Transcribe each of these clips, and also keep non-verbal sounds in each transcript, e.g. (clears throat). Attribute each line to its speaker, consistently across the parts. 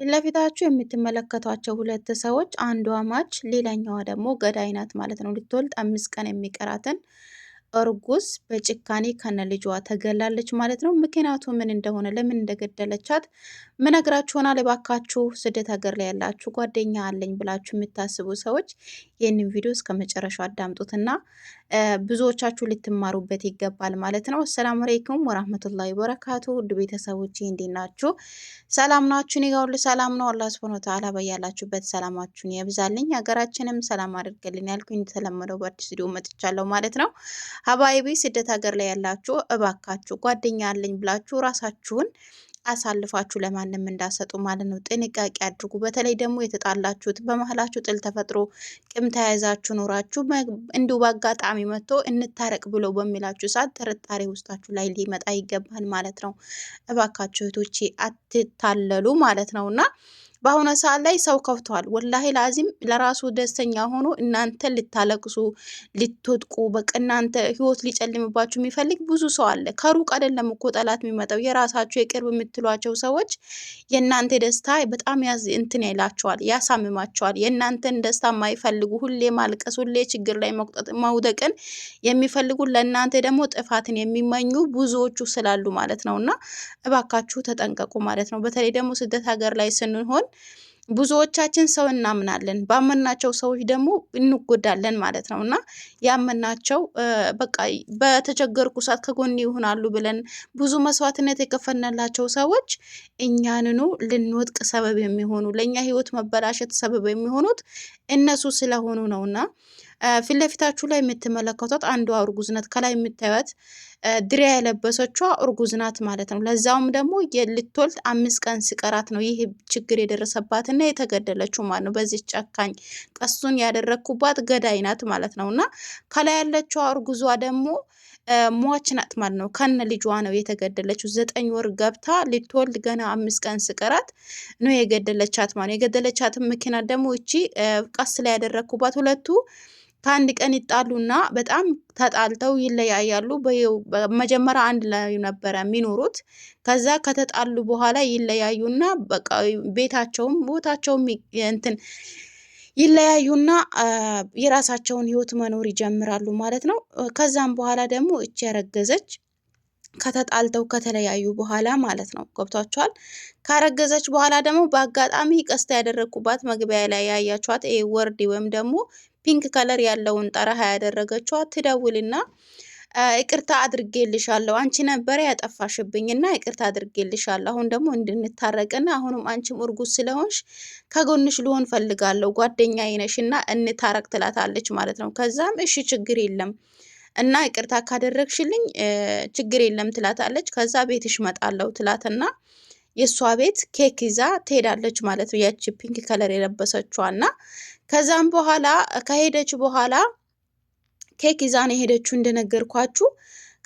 Speaker 1: ፊት ለፊታችሁ የምትመለከቷቸው ሁለት ሰዎች አንዷ ማች ሌላኛዋ ደግሞ ገዳይ ናት ማለት ነው። ልትወልድ አምስት ቀን የሚቀራትን እርጉዝ በጭካኔ ከነ ልጇ ተገላለች ማለት ነው። ምክንያቱ ምን እንደሆነ ለምን እንደገደለቻት ምነግራችሁና ልባካችሁ ስደት ሀገር ላይ ያላችሁ ጓደኛ አለኝ ብላችሁ የምታስቡ ሰዎች ይህንን ቪዲዮ እስከ መጨረሻው አዳምጡትና ብዙዎቻችሁ ልትማሩበት ይገባል ማለት ነው። አሰላሙ አለይኩም ወራህመቱላሂ ወበረካቱ ውድ ቤተሰቦች እንዴት ናችሁ? ሰላም ናችሁ? እኔ ጋር ሁሉ ሰላም ነው። አላህ ሱብሃነሁ ወተዓላ በያላችሁበት ሰላማችሁን ያብዛልኝ፣ ሀገራችንም ሰላም አድርገልኝ ያልኩኝ እንደተለመደው በአዲስ ቪዲዮ መጥቻለሁ ማለት ነው። ሀባይቢ ስደት ሀገር ላይ ያላችሁ እባካችሁ ጓደኛ አለኝ ብላችሁ ራሳችሁን አሳልፋችሁ ለማንም እንዳሰጡ ማለት ነው። ጥንቃቄ አድርጉ። በተለይ ደግሞ የተጣላችሁት በመሀላችሁ ጥል ተፈጥሮ ቂም ተያይዛችሁ ኖራችሁ እንዲሁ በአጋጣሚ መጥቶ እንታረቅ ብሎ በሚላችሁ ሰዓት ጥርጣሬ ውስጣችሁ ላይ ሊመጣ ይገባል ማለት ነው። እባካችሁ እህቶቼ አትታለሉ ማለት ነው እና በአሁነ ሰዓት ላይ ሰው ከፍቷል። ወላሂ ላዚም ለራሱ ደስተኛ ሆኖ እናንተ ልታለቅሱ ልትወጥቁ፣ በቃ እናንተ ህይወት ሊጨልምባችሁ የሚፈልግ ብዙ ሰው አለ። ከሩቅ አይደለም እኮ ጠላት የሚመጣው የራሳችሁ የቅርብ የምትሏቸው ሰዎች የእናንተ ደስታ በጣም ያዝ እንትን ይላቸዋል፣ ያሳምማቸዋል። የእናንተን ደስታ የማይፈልጉ ሁሌ ማልቀስ፣ ሁሌ ችግር ላይ መውደቅን የሚፈልጉ ለእናንተ ደግሞ ጥፋትን የሚመኙ ብዙዎቹ ስላሉ ማለት ነው እና እባካችሁ ተጠንቀቁ ማለት ነው። በተለይ ደግሞ ስደት ሀገር ላይ ስንሆን ሳይሆን ብዙዎቻችን ሰው እናምናለን፣ ባመናቸው ሰዎች ደግሞ እንጎዳለን ማለት ነው እና ያመናቸው በቃ በተቸገርኩ ሰዓት ከጎን ይሆናሉ ብለን ብዙ መስዋዕትነት የከፈነላቸው ሰዎች እኛንኑ ልንወጥቅ ሰበብ የሚሆኑ ለእኛ ህይወት መበላሸት ሰበብ የሚሆኑት እነሱ ስለሆኑ ነውና ፊት ለፊታችሁ ላይ የምትመለከቷት አንዷ እርጉዝ ናት። ከላይ የምታዩት ድሪያ የለበሰችው እርጉዝ ናት ማለት ነው። ለዛውም ደግሞ ልትወልድ አምስት ቀን ሲቀራት ነው ይህ ችግር የደረሰባትና የተገደለችው ማለት ነው። በዚህ ጨካኝ ቀሱን ያደረግኩባት ገዳይ ናት ማለት ነው። እና ከላይ ያለችው እርጉዟ ደግሞ ሟች ናት ማለት ነው። ከነ ልጇ ነው የተገደለችው። ዘጠኝ ወር ገብታ ልትወልድ ገና አምስት ቀን ስቀራት ነው የገደለቻት ማለት ነው። የገደለቻትን መኪና ደግሞ እቺ ቀስ ላይ ያደረግኩባት ሁለቱ ከአንድ ቀን ይጣሉና በጣም ተጣልተው ይለያያሉ። መጀመሪያ አንድ ላይ ነበረ የሚኖሩት። ከዛ ከተጣሉ በኋላ ይለያዩና በቃ ቤታቸውም ቦታቸውም እንትን ይለያዩና የራሳቸውን ህይወት መኖር ይጀምራሉ ማለት ነው። ከዛም በኋላ ደግሞ እች ያረገዘች ከተጣልተው ከተለያዩ በኋላ ማለት ነው። ገብቷቸዋል። ካረገዘች በኋላ ደግሞ በአጋጣሚ ቀስታ ያደረግኩባት መግቢያ ላይ ይ ወርድ ወይም ደግሞ ፒንክ ከለር ያለውን ጠረሃ ያደረገችዋ ትደውልና ይቅርታ አድርጌልሻለሁ፣ አንቺ ነበረ ያጠፋሽብኝና ይቅርታ አድርጌልሻለሁ። አሁን ደግሞ እንድንታረቅና አሁንም አንቺም እርጉዝ ስለሆንሽ ከጎንሽ ልሆን ፈልጋለሁ ጓደኛዬ እና እንታረቅ ትላታለች ማለት ነው። ከዛም እሺ ችግር የለም እና ይቅርታ ካደረግሽልኝ ችግር የለም ትላታለች። ከዛ ቤትሽ እመጣለሁ ትላትና የእሷ ቤት ኬክ ይዛ ትሄዳለች ማለት ነው። ያቺ ፒንክ ከለር የለበሰችዋ እና ከዛም በኋላ ከሄደች በኋላ ኬክ ይዛ ነው የሄደችው እንደነገርኳችሁ።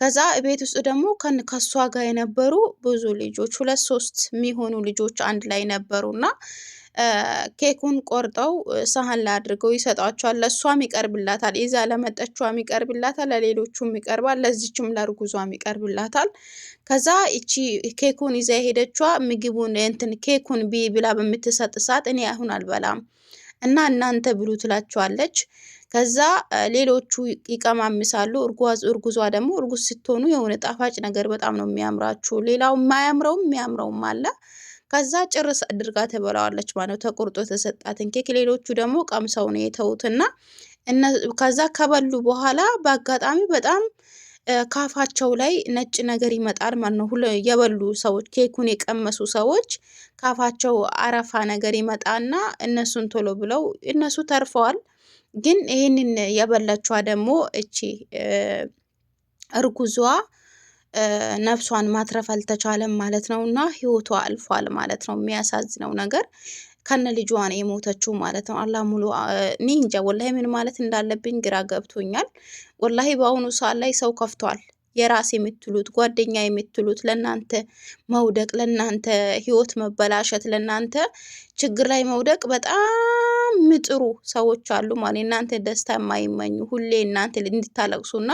Speaker 1: ከዛ ቤት ውስጥ ደግሞ ከሷ ጋር የነበሩ ብዙ ልጆች ሁለት ሶስት የሚሆኑ ልጆች አንድ ላይ ነበሩና ኬኩን ቆርጠው ሳህን ላይ አድርገው ይሰጧቸዋል። ለእሷም ይቀርብላታል፣ ይዛ ለመጠቿም ይቀርብላታል፣ ለሌሎቹም ይቀርባል፣ ለዚችም ለእርጉዟም ይቀርብላታል። ከዛ እቺ ኬኩን ይዛ የሄደችዋ ምግቡን እንትን ኬኩን ቢ ብላ በምትሰጥ ሰዓት እኔ አሁን አልበላም እና እናንተ ብሉ ትላቸዋለች። ከዛ ሌሎቹ ይቀማምሳሉ። እርጉዟ ደግሞ እርጉዝ ስትሆኑ የሆነ ጣፋጭ ነገር በጣም ነው የሚያምራችሁ። ሌላው የማያምረውም የሚያምረውም አለ። ከዛ ጭርስ አድርጋ ተበላዋለች ማለት ነው። ተቆርጦ የተሰጣትን ኬክ ሌሎቹ ደግሞ ቀምሰው ነው የተዉትና ከዛ ከበሉ በኋላ በአጋጣሚ በጣም ካፋቸው ላይ ነጭ ነገር ይመጣል ማለት ነው። የበሉ ሰዎች ኬኩን የቀመሱ ሰዎች ካፋቸው አረፋ ነገር ይመጣና እነሱን ቶሎ ብለው እነሱ ተርፈዋል። ግን ይህንን የበላችዋ ደግሞ እቺ እርጉዟ ነፍሷን ማትረፍ አልተቻለም ማለት ነው እና ህይወቷ አልፏል ማለት ነው። የሚያሳዝነው ነገር ከነ ልጇን የሞተችው ማለት ነው። አላ ሙሉ እኔ እንጃ ወላሂ ምን ማለት እንዳለብኝ ግራ ገብቶኛል። ወላሂ በአሁኑ ሰዓት ላይ ሰው ከፍቷል። የራስ የምትሉት ጓደኛ የምትሉት ለእናንተ መውደቅ፣ ለእናንተ ህይወት መበላሸት፣ ለእናንተ ችግር ላይ መውደቅ በጣም ምጥሩ ሰዎች አሉ ማለት እናንተ ደስታ የማይመኙ ሁሌ እናንተ እና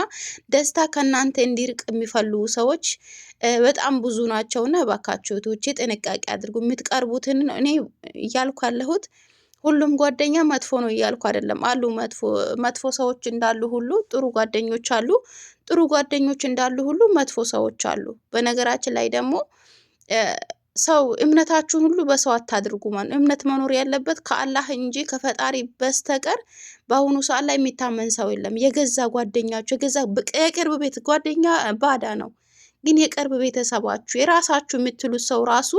Speaker 1: ደስታ ከእናንተ እንዲርቅ የሚፈልጉ ሰዎች በጣም ብዙ እና እባካችሁ እህቶቼ ጥንቃቄ አድርጉ። የምትቀርቡትን እኔ እያልኩ ያለሁት ሁሉም ጓደኛ መጥፎ ነው እያልኩ አይደለም። አሉ መጥፎ ሰዎች እንዳሉ ሁሉ ጥሩ ጓደኞች አሉ። ጥሩ ጓደኞች እንዳሉ ሁሉ መጥፎ ሰዎች አሉ። በነገራችን ላይ ደግሞ ሰው እምነታችሁን ሁሉ በሰው አታድርጉ። ማለት እምነት መኖር ያለበት ከአላህ እንጂ ከፈጣሪ በስተቀር በአሁኑ ሰዓት ላይ የሚታመን ሰው የለም። የገዛ ጓደኛችሁ የገዛ የቅርብ ቤት ጓደኛ ባዳ ነው፣ ግን የቅርብ ቤተሰባችሁ የራሳችሁ የምትሉት ሰው ራሱ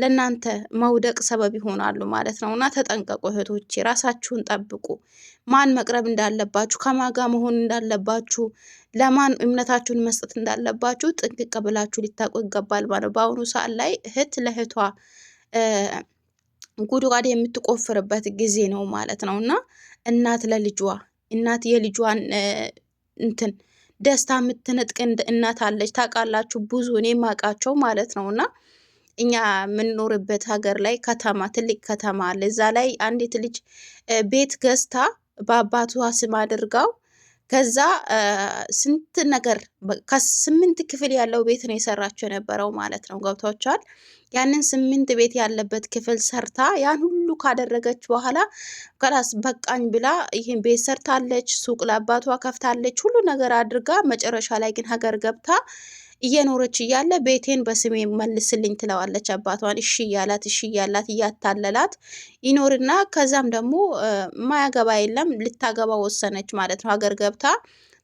Speaker 1: ለእናንተ መውደቅ ሰበብ ይሆናሉ ማለት ነው እና ተጠንቀቁ እህቶቼ፣ ራሳችሁን ጠብቁ። ማን መቅረብ እንዳለባችሁ፣ ከማጋ መሆን እንዳለባችሁ፣ ለማን እምነታችሁን መስጠት እንዳለባችሁ ጥንቅቅ ብላችሁ ሊታቁ ይገባል ማለት በአሁኑ ሰዓት ላይ እህት ለእህቷ ጉድጓድ የምትቆፍርበት ጊዜ ነው ማለት ነው እና እናት ለልጇ እናት የልጇን እንትን ደስታ የምትነጥቅ እናት አለች። ታውቃላችሁ፣ ብዙ እኔ ማውቃቸው ማለት ነው እና እኛ የምንኖርበት ሀገር ላይ ከተማ ትልቅ ከተማ አለ። እዛ ላይ አንዲት ልጅ ቤት ገዝታ በአባቷ ስም አድርጋው ከዛ ስንት ነገር ከስምንት ክፍል ያለው ቤት ነው የሰራቸው የነበረው ማለት ነው። ገብቷቸዋል። ያንን ስምንት ቤት ያለበት ክፍል ሰርታ ያን ሁሉ ካደረገች በኋላ ከላስ በቃኝ ብላ ይህን ቤት ሰርታለች። ሱቅ ለአባቷ ከፍታለች። ሁሉ ነገር አድርጋ መጨረሻ ላይ ግን ሀገር ገብታ እየኖረች እያለ ቤቴን በስሜ መልስልኝ ትለዋለች። አባቷን እሺ እያላት እሺ እያላት እያታለላት ይኖርና ከዛም ደግሞ ማያገባ የለም ልታገባ ወሰነች ማለት ነው ሀገር ገብታ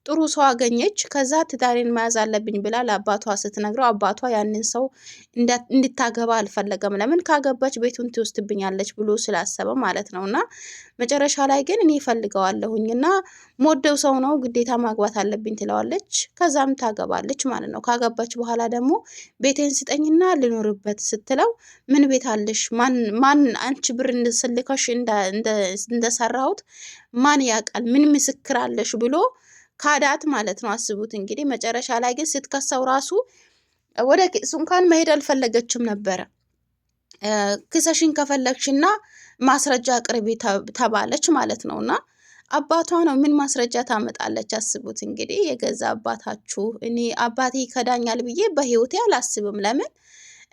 Speaker 1: ጥሩ ሰው አገኘች። ከዛ ትዳሬን መያዝ አለብኝ ብላ ለአባቷ ስትነግረው አባቷ ያንን ሰው እንድታገባ አልፈለገም። ለምን ካገባች ቤቱን ትወስድብኛለች ብሎ ስላሰበ ማለት ነው። እና መጨረሻ ላይ ግን እኔ ፈልገዋለሁኝ እና ሞደው ሰው ነው ግዴታ ማግባት አለብኝ ትለዋለች። ከዛም ታገባለች ማለት ነው። ካገባች በኋላ ደግሞ ቤቴን ስጠኝና ልኖርበት ስትለው ምን ቤት አለሽ? ማን አንቺ ብር ስልከሽ እንደሰራሁት ማን ያውቃል? ምን ምስክር አለሽ ብሎ ካዳት ማለት ነው። አስቡት እንግዲህ መጨረሻ ላይ ግን ስትከሰው ራሱ ወደ ኬሱ እንኳን መሄድ አልፈለገችም ነበረ። ክሰሽን ከፈለግሽና ማስረጃ አቅርቢ ተባለች ማለት ነው እና አባቷ ነው። ምን ማስረጃ ታመጣለች? አስቡት እንግዲህ የገዛ አባታችሁ። እኔ አባቴ ይከዳኛል ብዬ በህይወቴ አላስብም። ለምን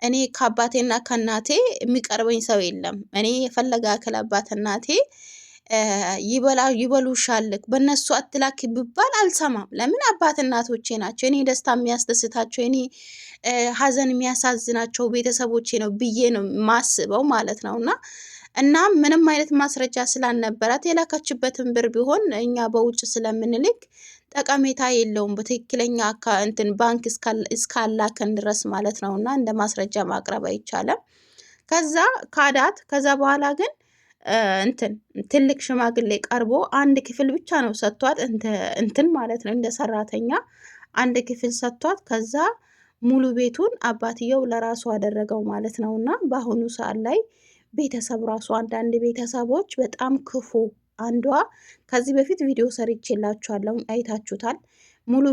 Speaker 1: እኔ ከአባቴና ከእናቴ የሚቀርበኝ ሰው የለም። እኔ የፈለገ ክል አባት እናቴ ይበሉሻል፣ በእነሱ አትላክ ብባል አልሰማም። ለምን አባት እናቶቼ ናቸው፣ እኔ ደስታ የሚያስደስታቸው እኔ ሀዘን የሚያሳዝናቸው ቤተሰቦቼ ነው ብዬ ነው ማስበው ማለት ነው እና እና ምንም አይነት ማስረጃ ስላልነበራት የላከችበትን ብር ቢሆን እኛ በውጭ ስለምንልክ ጠቀሜታ የለውም በትክክለኛ እንትን ባንክ እስካላከን ድረስ ማለት ነው እና እንደ ማስረጃ ማቅረብ አይቻልም። ከዛ ካዳት። ከዛ በኋላ ግን እንትን ትልቅ ሽማግሌ ቀርቦ አንድ ክፍል ብቻ ነው ሰጥቷት እንትን ማለት ነው እንደ ሰራተኛ አንድ ክፍል ሰጥቷት ከዛ ሙሉ ቤቱን አባትየው ለራሱ አደረገው ማለት ነው። እና በአሁኑ ሰዓት ላይ ቤተሰብ ራሱ አንዳንድ ቤተሰቦች በጣም ክፉ አንዷ ከዚህ በፊት ቪዲዮ ሰርቼላችኋለሁ፣ አይታችሁታል። ሙሉ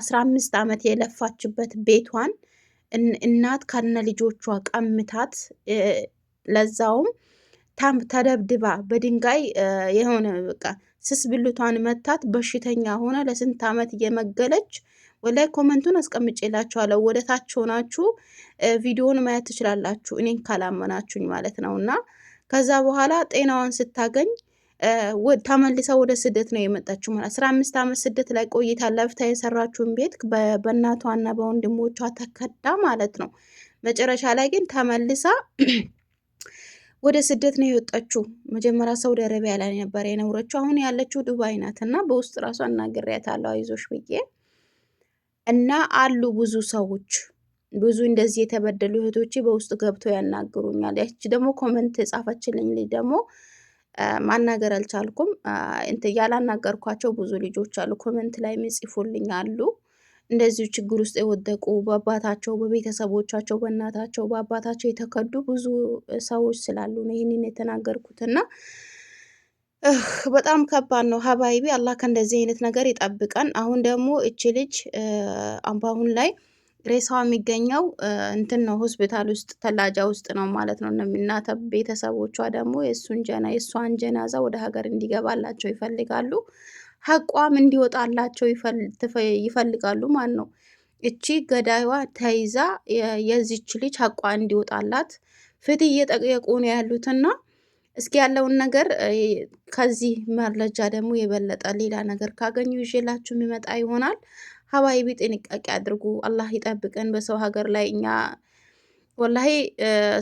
Speaker 1: አስራ አምስት ዓመት የለፋችበት ቤቷን እናት ከነ ልጆቿ ቀምታት ለዛውም ተደብድባ በድንጋይ የሆነ በቃ ስስ ብልቷን መታት በሽተኛ ሆነ ለስንት ዓመት እየመገለች ወላይ ኮመንቱን አስቀምጬላችኋለሁ። ወደ ወደታች ሆናችሁ ቪዲዮውን ማየት ትችላላችሁ፣ እኔን ካላመናችሁኝ ማለት ነው። እና ከዛ በኋላ ጤናዋን ስታገኝ ተመልሳ ወደ ስደት ነው የመጣችው ማለት አስራ አምስት ዓመት ስደት ላይ ቆይታ ለፍታ የሰራችውን ቤት በእናቷና በወንድሞቿ ተከዳ ማለት ነው። መጨረሻ ላይ ግን ተመልሳ (clears throat) ወደ ስደት ነው የወጣችው። መጀመሪያ ሳውዲ አረቢያ ላይ ነበር የኖረችው። አሁን ያለችው ዱባይ ናት እና በውስጥ ራሷ እናግሬያታለሁ አይዞሽ ብዬ እና አሉ ብዙ ሰዎች ብዙ እንደዚህ የተበደሉ እህቶቼ በውስጥ ገብተው ያናግሩኛል። ያቺ ደግሞ ኮመንት የጻፈችልኝ ልጅ ደግሞ ማናገር አልቻልኩም። ያላናገርኳቸው ብዙ ልጆች አሉ፣ ኮመንት ላይ የሚጽፉልኝ አሉ። እንደዚሁ ችግር ውስጥ የወደቁ በአባታቸው፣ በቤተሰቦቻቸው፣ በእናታቸው፣ በአባታቸው የተከዱ ብዙ ሰዎች ስላሉ ነው ይህንን የተናገርኩትና በጣም ከባድ ነው ሀባይቢ። አላህ ከእንደዚህ አይነት ነገር ይጠብቀን። አሁን ደግሞ እች ልጅ አሁን ላይ ሬሳው የሚገኘው እንትን ነው ሆስፒታል ውስጥ ተላጃ ውስጥ ነው ማለት ነው። እናተ ቤተሰቦቿ ደግሞ የእሱን ጀና የእሷን ጀናዛ ወደ ሀገር እንዲገባላቸው ይፈልጋሉ። ሀቋም እንዲወጣላቸው ይፈልጋሉ ማለት ነው። እቺ ገዳይዋ ተይዛ የዚች ልጅ ሀቋ እንዲወጣላት ፍትህ እየጠየቁ ነው ያሉትና እስኪ ያለውን ነገር ከዚህ መረጃ ደግሞ የበለጠ ሌላ ነገር ካገኙ ይዤላችሁ የሚመጣ ይሆናል። ሀባይቢ ጥንቃቄ አድርጉ። አላህ ይጠብቀን። በሰው ሀገር ላይ እኛ ወላሂ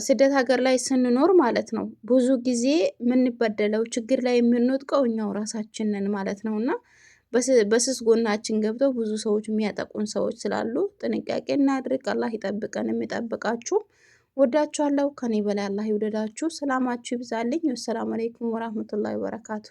Speaker 1: ስደት ሀገር ላይ ስንኖር ማለት ነው ብዙ ጊዜ የምንበደለው ችግር ላይ የምንወጥቀው እኛው ራሳችንን ማለት ነው እና በስስ ጎናችን ገብተው ብዙ ሰዎች የሚያጠቁን ሰዎች ስላሉ ጥንቃቄ እናድርግ። አላህ ይጠብቀን፣ የሚጠብቃችሁ ወዳችኋለሁ። ከኔ በላይ አላህ ይውደዳችሁ። ሰላማችሁ ይብዛልኝ። ወሰላሙ አለይኩም ወራህመቱላሂ ወበረካቱ።